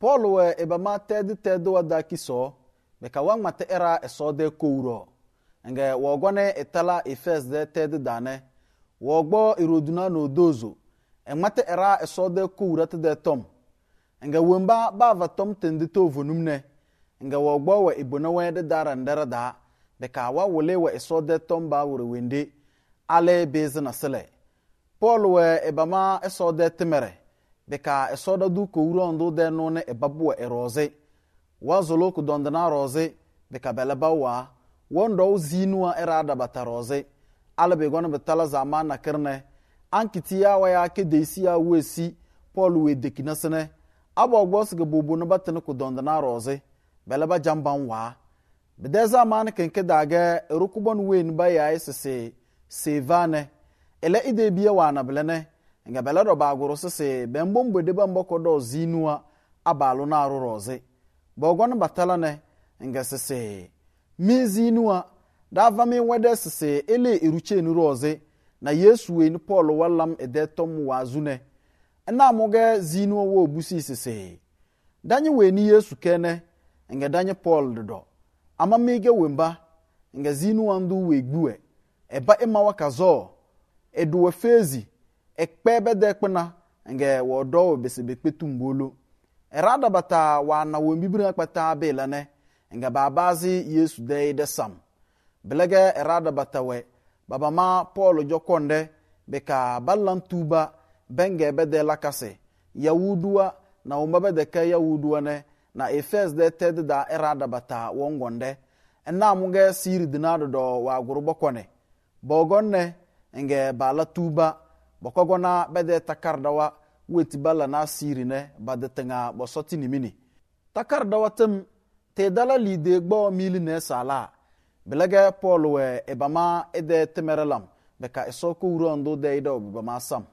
paul wɛ eh, ebama tɛdi tɛdi wa daki sɔ bɛka wa ŋmati era esɔ de kowurɔ nge wɔgɔne itala efes de tɛdi danɛ wɔgbɔ iroduna no dozo ŋmati era esɔ de kowura ti de tɔm nge wemba baava tɔm tende to vonum nɛ nge wɔgbɔ wɛ ibona wɛ de dara ndɛra daa bɛka wa wole wɛ esɔ de tɔm ba wuri wende ale bezi na sele paul wɛ eh, ebama esɔ de timɛrɛ bika esoda du kowuron du de nu ne ebabu wazolo ku dondana roze bika beleba wa wondo zinua erada bataroze alabe gona betala na kirne ankiti ya wa ya ke deisi ya wesi paul we dekina sene abo ga bubu no batin ku dondana roze beleba jamban wa bide zamana kenke dage erukubon wen ba ya isese sevane ele ide biya wa na blene nga bɛlɛ baagoro sese bɛn bombode bɛn bɔ kɔdɔ zinua abaalo na arorɔze bɔgɔn batala ne nga sese mi zinua dava mi wɛdɛ sese ele eruche ni rɔze na yesu we ni paul walam edɛ tɔm waazu ne ɛna amugɛ zinua wo busi sese danyi we ni yesu kɛnɛ nga danyi paul dodɔ ama mi ge wemba nga zinua ndu we gbuɛ ɛba ema wakazɔ eduwe fezi ekpe bede kpena nge wo do bese mbolo erada bata wa na wo bibiri akpata bela nge babazi yesu de de sam belege erada bata we baba ma paul jokonde beka ballan tuba benge bede lakase Yawudua na wo bede ka yahudua ne na efes de ted da erada bata wongonde enna munge siri dinado do wa gurubokone bogonne nge bala tuba bɔkɔgɔna bɛdɛ takardawa wetibala na siri ne bade tenga bɔsɔti nimini takardawa tem te dala lide gbɔ mili ne sala belege paul wɛ ebama ede temerelam beka esɔ ko ndo de ida obama sam